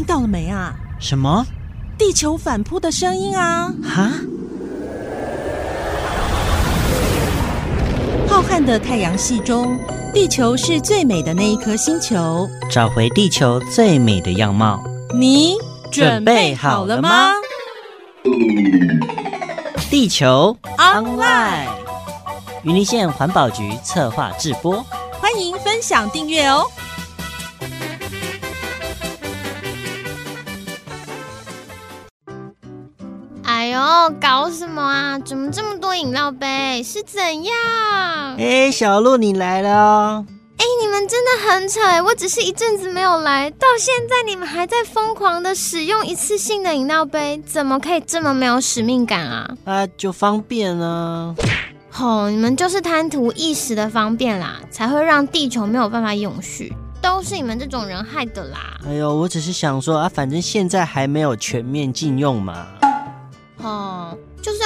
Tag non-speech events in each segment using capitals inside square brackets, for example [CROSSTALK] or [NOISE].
聽到了沒啊？什麼？地球反撲的聲音啊！哈！浩瀚的太陽系中，地球是最美的那一顆星球。找回地球最美的樣貌，你準備好了嗎？地球 Online，雲林縣環保局策劃製播，歡迎分享訂閱哦。喲、哎，搞什麼啊？怎麼這麼多飲料杯？是怎樣？哎、欸，小鷺你來了哦！哎、欸，你們真的很扯！我只是一陣子沒有來，到現在你們還在瘋狂的使用一次性的飲料杯，怎麼可以這麼沒有使命感啊？啊，就方便了，啊。吼，oh, 你們就是貪圖一時的方便啦，才會讓地球沒有辦法永續，都是你們這種人害的啦！哎呦，我只是想說啊，反正現在還沒有全面禁用嘛。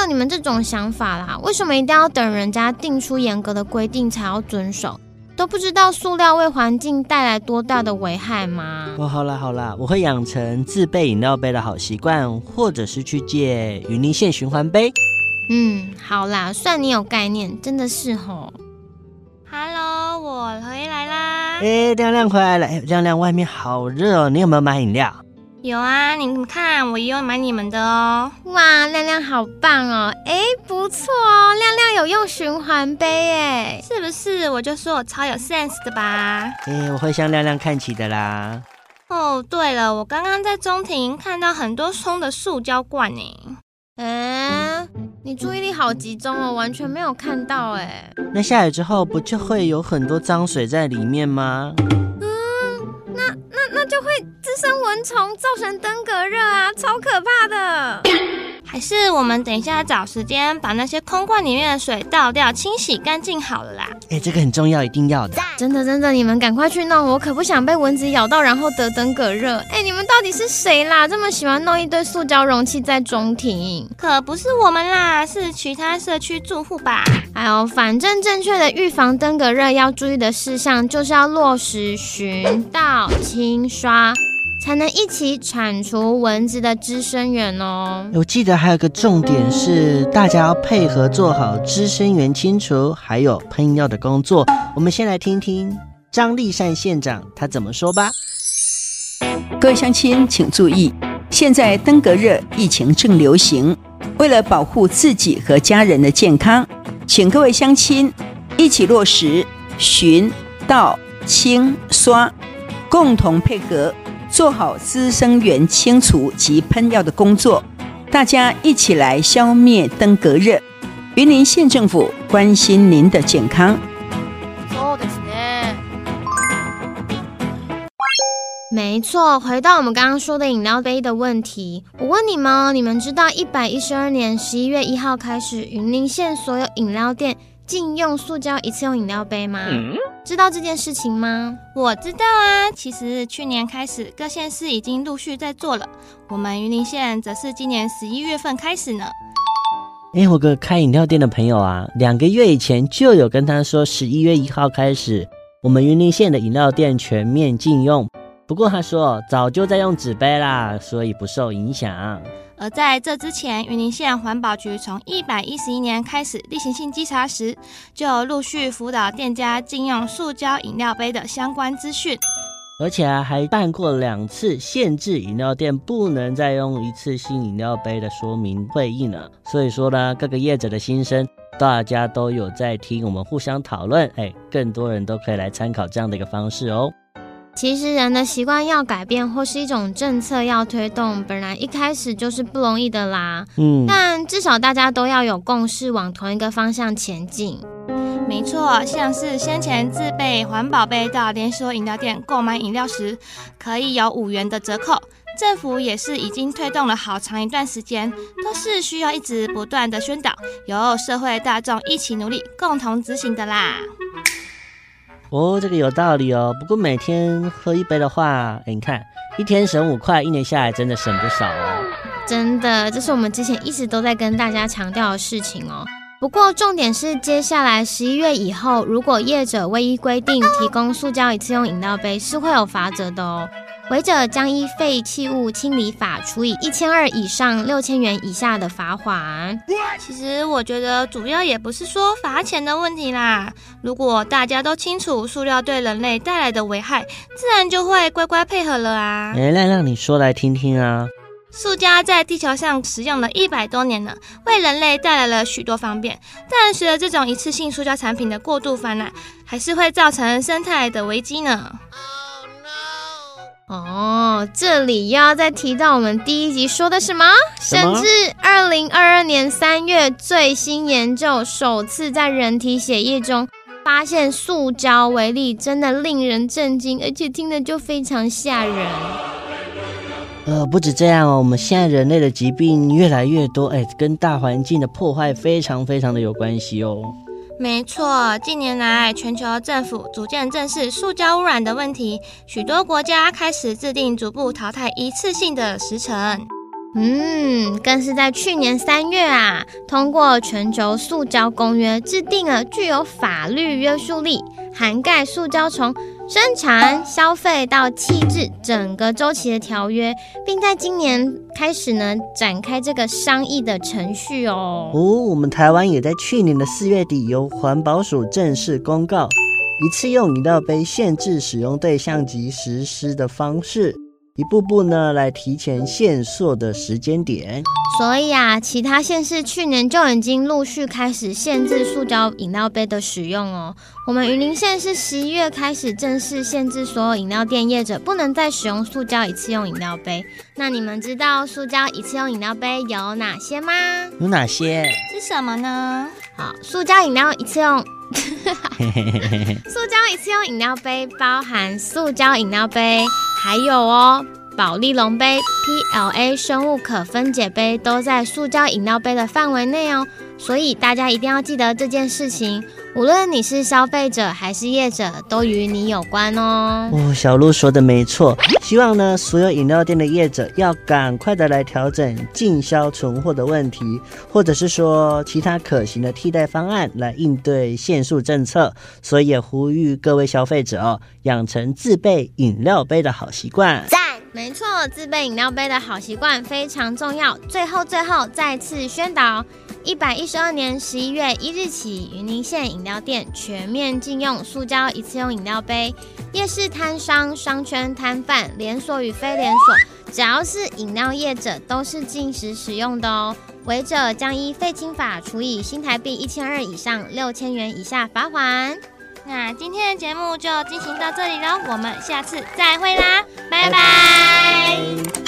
你們這種想法啦，為什麼一定要等人家定出嚴格的規定才要遵守？都不知道塑料為環境帶來多大的危害嗎？哦，好啦好啦，我會養成自備飲料杯的好習慣，或者是去借雲林縣循環杯。嗯，好啦，算你有概念，真的是吼。Hello，我回來啦。哎，亮亮回來了誒！亮亮，外面好熱哦，你有沒有買飲料？有啊，你看，我也有買你們的哦！哇，亮亮好棒哦！哎，不錯哦，亮亮有用循環杯哎，是不是？我就說我超有 sense 的吧！哎，我會向亮亮看齊的啦。哦，對了，我剛剛在中庭看到很多空的塑膠罐呢。嗯，你注意力好集中哦，完全沒有看到哎。那下雨之後不就會有很多髒水在裡面嗎？生蚊蟲造成登革熱啊，超可怕的！ [COUGHS] 還是我們等一下找時間把那些空罐裡面的水倒掉，清洗乾淨好了啦。哎、欸，這個很重要，一定要的。真的真的，你們趕快去弄，我可不想被蚊子咬到，然後得登革熱。哎、欸，你們到底是誰啦？這麼喜歡弄一堆塑膠容器在中庭？可不是我們啦，是其他社區住戶吧？哎 [COUGHS] 還有，反正正確的預防登革熱要注意的事項，就是要落實巡倒、清刷，才能一起鏟除蚊子的滋生源哦。我記得還有個重點是，大家要配合做好滋生源清除還有噴藥的工作。我們先來聽聽張麗善縣長他怎麼說吧。各位鄉親請注意，現在登革熱疫情正流行，為了保護自己和家人的健康，請各位鄉親一起落實巡、倒、清、刷，共同配合。做好滋生源清除及噴藥的工作，大家一起來消滅登革熱。雲林縣政府關心您的健康。沒錯，回到我們剛剛說的飲料杯的問題，我問你們，你們知道一百一十二年十一月一號開始，雲林縣所有飲料店禁用塑膠一次用飲料杯嗎？知道這件事情嗎？我知道啊。其實去年開始，各縣市已經陸續在做了。我們雲林縣則是今年十一月份開始呢。哎，我哥開飲料店的朋友啊，兩個月以前就有跟他說，十一月一號開始，我們雲林縣的飲料店全面禁用。不過他說早就在用紙杯啦，所以不受影響。而在這之前，雲林縣環保局從一百一十一年開始例行性稽查時，就陸續輔導店家禁用塑膠飲料杯的相關資訊。而且啊，還辦過兩次限制飲料店不能再用一次性飲料杯的說明會議呢、啊。所以說呢，各個業者的心聲大家都有在聽，我們互相討論。哎，更多人都可以來參考這樣的一個方式哦。其實人的習慣要改變，或是一種政策要推動，本來一開始就是不容易的啦。嗯，但至少大家都要有共識，往同一個方向前進。嗯，沒錯，像是先前自備環保杯到連鎖飲料店購買飲料時，可以有五元的折扣。政府也是已經推動了好長一段時間，都是需要一直不斷的宣導，由社會大眾一起努力，共同執行的啦。哦，這個有道理哦。不過每天喝一杯的話，欸，你看一天省五塊，一年下來真的省不少哦、啊。真的，這是我們之前一直都在跟大家強調的事情哦。不過重點是，接下來十一月以後，如果業者未依規定提供塑膠一次用飲料杯，是會有罰則的哦。違者將依廢棄物清理法，處以一千二以上六千元以下的罰款。其實我覺得主要也不是說罰錢的問題啦。如果大家都清楚塑料對人類帶來的危害，自然就會乖乖配合了啊。欸，靚靚你說來聽聽啊。塑膠在地球上使用了一百多年了，為人類帶來了許多方便，但隨着這種一次性塑膠產品的過度泛濫，還是會造成生態的危機呢。哦，這裡又要再提到我們第一集說的什麼？甚至二零二二年三月最新研究首次在人體血液中發現塑膠微粒，真的令人震驚，而且聽着就非常嚇人。呃，不止這樣哦，我們現在人類的疾病越來越多，哎，跟大環境的破壞非常非常的有關係哦。沒錯，近年來，全球政府逐漸正視塑膠污染的問題，許多國家開始制定逐步淘汰一次性的時程。嗯，更是在去年三月啊，通過全球塑膠公約，制定了具有法律約束力，涵蓋塑膠從。生產、消費到棄置整個周期的條約，並在今年開始呢，展開這個商議的程序哦。哦，我們台灣也在去年的四月底由環保署正式公告，一次用飲料杯限制使用對象及實施的方式。一步步呢，來提前限塑的時間點。所以啊，其他縣市去年就已經陸續開始限制塑膠飲料杯的使用哦。我們雲林縣是十一月開始正式限制所有飲料店業者不能再使用塑膠一次用飲料杯。那你們知道塑膠一次用飲料杯有哪些嗎？有哪些？是什麼呢？好，塑膠飲料一次用， [LAUGHS] 塑膠一次用飲料杯包含塑膠飲料杯。還有哦，保麗龍杯、PLA 生物可分解杯，都在塑膠飲料杯的範圍內哦。所以大家一定要記得這件事情，無論你是消費者還是業者，都與你有關哦。哦，小鷺說的沒錯，希望呢所有飲料店的業者要趕快的來調整進銷存貨的問題，或者是說其他可行的替代方案來應對限塑政策。所以也呼籲各位消費者哦，養成自備飲料杯的好習慣。讚讚，沒錯，自備飲料杯的好習慣非常重要。最後，最後再次宣導。一百一十二年十一月一日起，雲林縣飲料店全面禁用塑膠一次用飲料杯。夜市攤商、商圈攤販、連鎖與非連鎖，只要是飲料業者，都是禁食使用的哦。違者將依廢清法處以新台幣一千二以上六千元以下罰鍰。那今天的節目就進行到這裡了，我們下次再會啦，拜拜。拜拜。